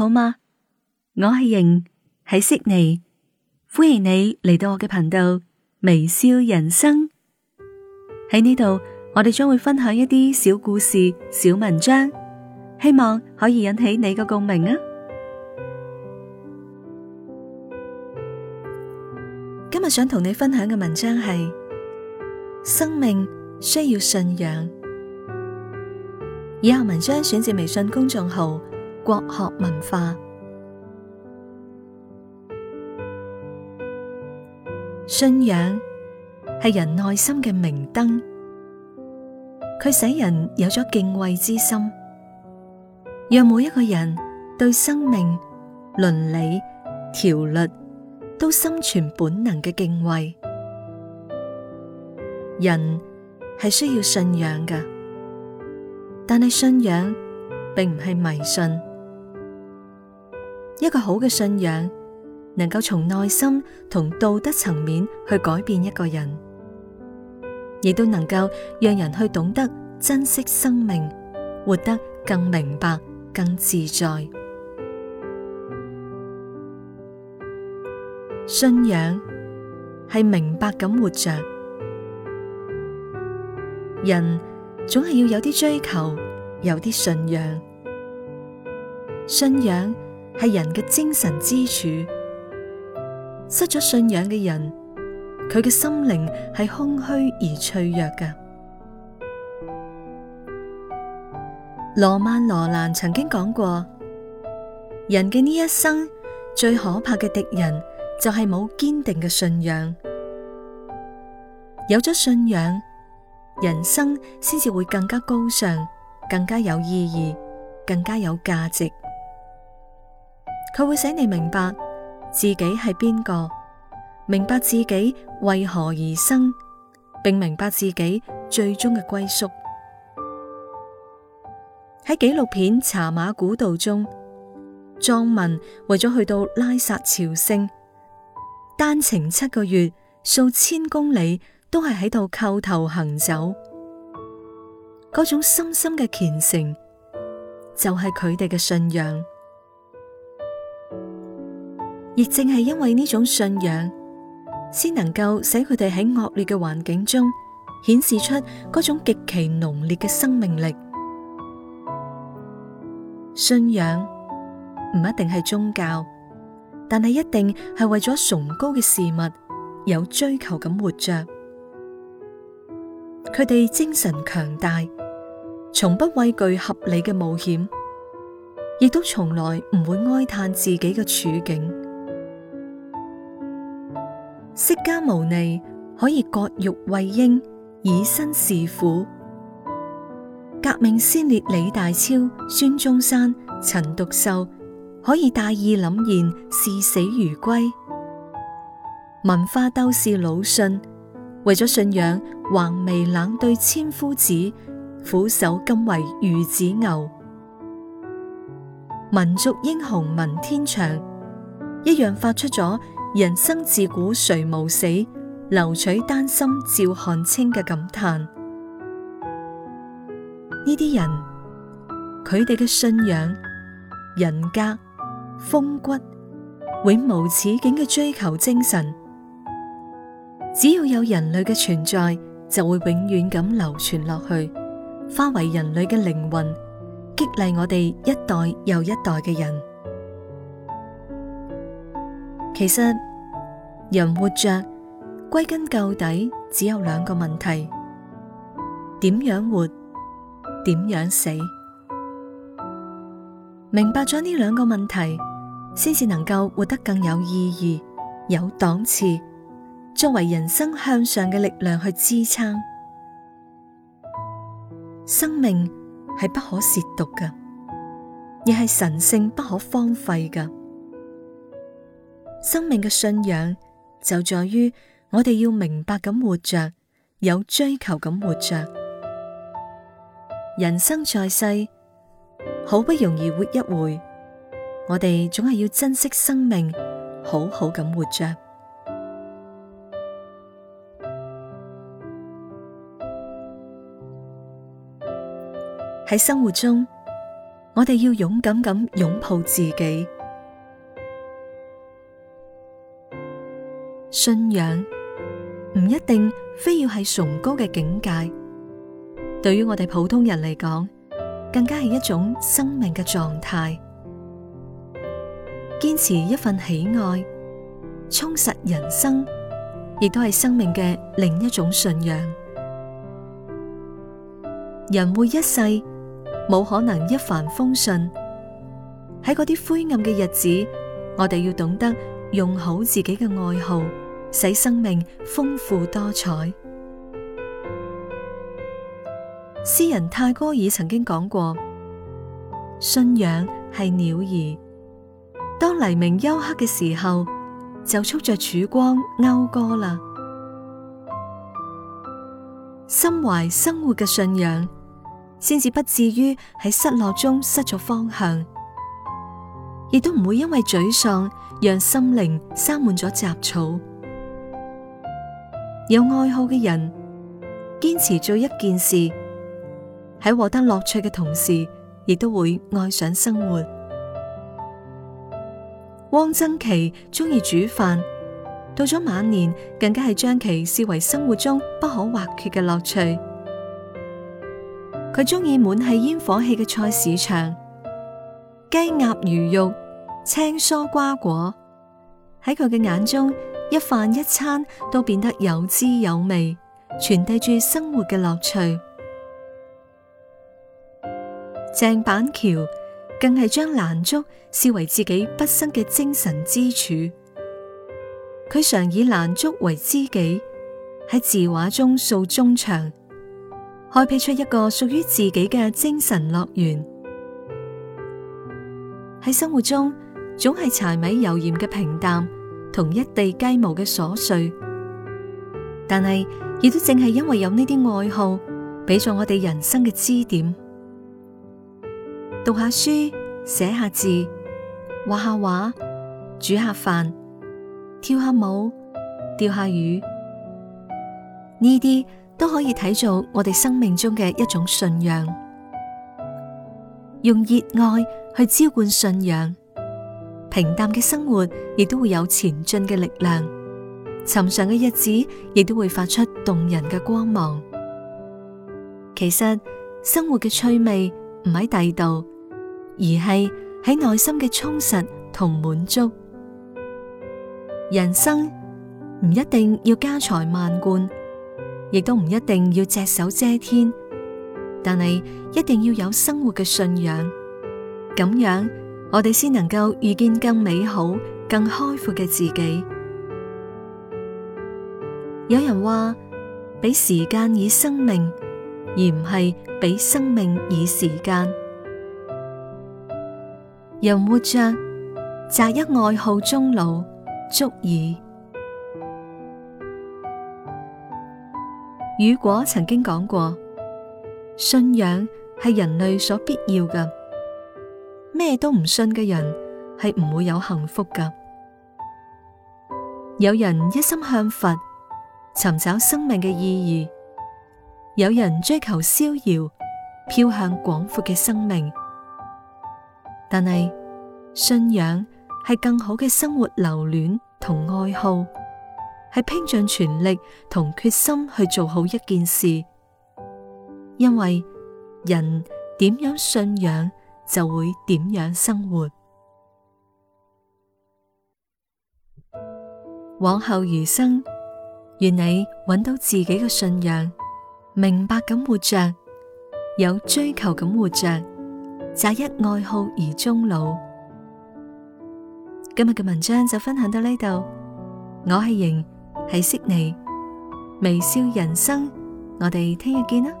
好嗎？我係瑩，喺悉尼，歡迎你嚟到我嘅頻道微笑人生。喺呢度，我哋將會分享一啲小故事、小文章，希望可以引起你嘅共鳴啊！今日想同你分享嘅文章係《生命需要信仰》，以下文章選自微信公眾號。國學文化，信仰係人內心嘅明燈，佢使人有咗敬畏之心，讓每一個人對生命、倫理、條律都心存本能嘅敬畏。人係需要信仰㗎，但係信仰並唔係迷信。一個好嘅信仰，能夠從內心同道德層面去改變一個人，亦都能夠讓人去懂得珍惜生命，活得更明白、更自在。信仰係明白咁活着，人總係要有啲追求，有啲信仰，信仰，係人嘅精神支柱，失咗信仰嘅人，佢嘅心靈係空虛而脆弱㗎。羅曼羅蘭曾經講過：人嘅呢一生，最可怕嘅敵人就係冇堅定嘅信仰。有咗信仰，人生先至會更加高尚、更加有意義、更加有價值。佢會使你明白自己係邊個，明白自己為何而生，並明白自己最終嘅歸宿。喺紀錄片《茶馬古道》中，藏民為咗去到拉薩朝聖，單程七個月，數千公里，都係喺度叩頭行走。嗰種深深嘅虔誠，就係佢哋嘅信仰。亦正係因為呢種信仰，先能夠使佢哋喺惡劣嘅環境中顯示出嗰種極其濃烈嘅生命力。信仰唔一定係宗教，但係一定係為咗崇高嘅事物有追求咁活着。佢哋精神強大，從不畏懼合理嘅冒險，亦都從來唔會哀嘆自己嘅處境。釋迦牟尼可以割肉餵鷹，以身飼虎；革命先烈李大釗、孫中山、陳獨秀可以大義凜然，視死如歸；文化鬥士魯迅為咗信仰，橫眉冷對千夫指，俯首甘為孺子牛；民族英雄文天祥一樣發出咗，人生自古誰無死，留取丹心照汗青嘅感嘆。呢啲人，佢哋嘅信仰、人格、風骨，永無止境嘅追求精神，只要有人類嘅存在，就會永遠咁流傳落去，化為人類嘅靈魂，激勵我哋一代又一代嘅人。其實人活着，歸根究底只有兩個問題：點樣活，點樣死。明白咗呢兩個問題，先至能夠活得更有意義、有檔次，作為人生向上嘅力量去支撐。生命係不可褻瀆嘅，亦係神聖不可荒廢噶。生命嘅信仰就在於我哋要明白咁活着，有追求咁活着。人生在世，好不容易活一回，我哋總係要珍惜生命，好好咁活着。喺生活中，我哋要勇敢咁擁抱自己。信仰唔一定非要係崇高嘅境界，對於我哋普通人嚟講，更加係一種生命嘅狀態。堅持一份喜愛，充實人生，亦都係生命嘅另一種信仰。人活一世，冇可能一帆風順，喺嗰啲灰暗嘅日子，我哋要懂得。用好自己嘅愛好，使生命豐富多彩。詩人泰戈爾曾經講過：信仰係鳥兒，當黎明幽黑嘅時候，就觸着曙光謳歌啦。心懷生活嘅信仰，先至不至於喺失落中失咗方向。亦都唔會因為沮喪，讓心靈生滿咗雜草。有愛好嘅人，堅持做一件事，喺獲得樂趣嘅同時，亦都會愛上生活。汪曾祺鍾意煮飯，到咗晚年更加係將其視為生活中不可或缺嘅樂趣。佢鍾意滿係煙火氣嘅菜市場。雞鴨魚肉、青蔬瓜果，喺佢嘅眼中，一飯一餐都變得有滋有味，傳遞住生活嘅樂趣。鄭 板橋更係將蘭竹視為自己畢生嘅精神支柱，佢常以蘭竹為知己，喺字畫中訴衷腸，開闢出一個屬於自己嘅精神樂園。喺生活中，總係柴米油鹽嘅平淡，同一地雞毛嘅瑣碎，但係亦都正係因為有呢啲愛好，俾咗我哋人生嘅支點。讀下書，寫下字，畫下畫，煮下飯，跳下舞，釣下魚，呢啲都可以睇做我哋生命中嘅一種信仰。用熱愛去澆灌信仰，平淡嘅生活亦都會有前進嘅力量，尋常嘅日子亦都會發出動人嘅光芒。其實生活嘅趣味唔喺第度，而係喺內心嘅充實同滿足。人生唔一定要家財萬貫，亦都唔一定要隻手遮天。但係一定要有生活嘅信仰，咁樣我哋先能夠遇見更美好、更開闊嘅自己。有人話：俾時間以生命，而唔係俾生命以時間。人活着，擇一愛好終老足矣。雨果曾經講過。信仰係人類所必要嘅，咩都唔信嘅人係唔會有幸福㗎。有人一心向佛，尋找生命嘅意義；有人追求逍遙，飄向廣闊嘅生命。但係信仰係更好嘅生活留戀同愛好，係拼盡全力同決心去做好一件事。因為人點樣信仰，就會點樣生活。往後餘生，願你揾到自己嘅信仰，明白咁活着，有追求咁活着，擇一愛好而終老。今日嘅文章就分享到呢度，我係瑩，係悉尼微笑人生，我哋聽日見啦。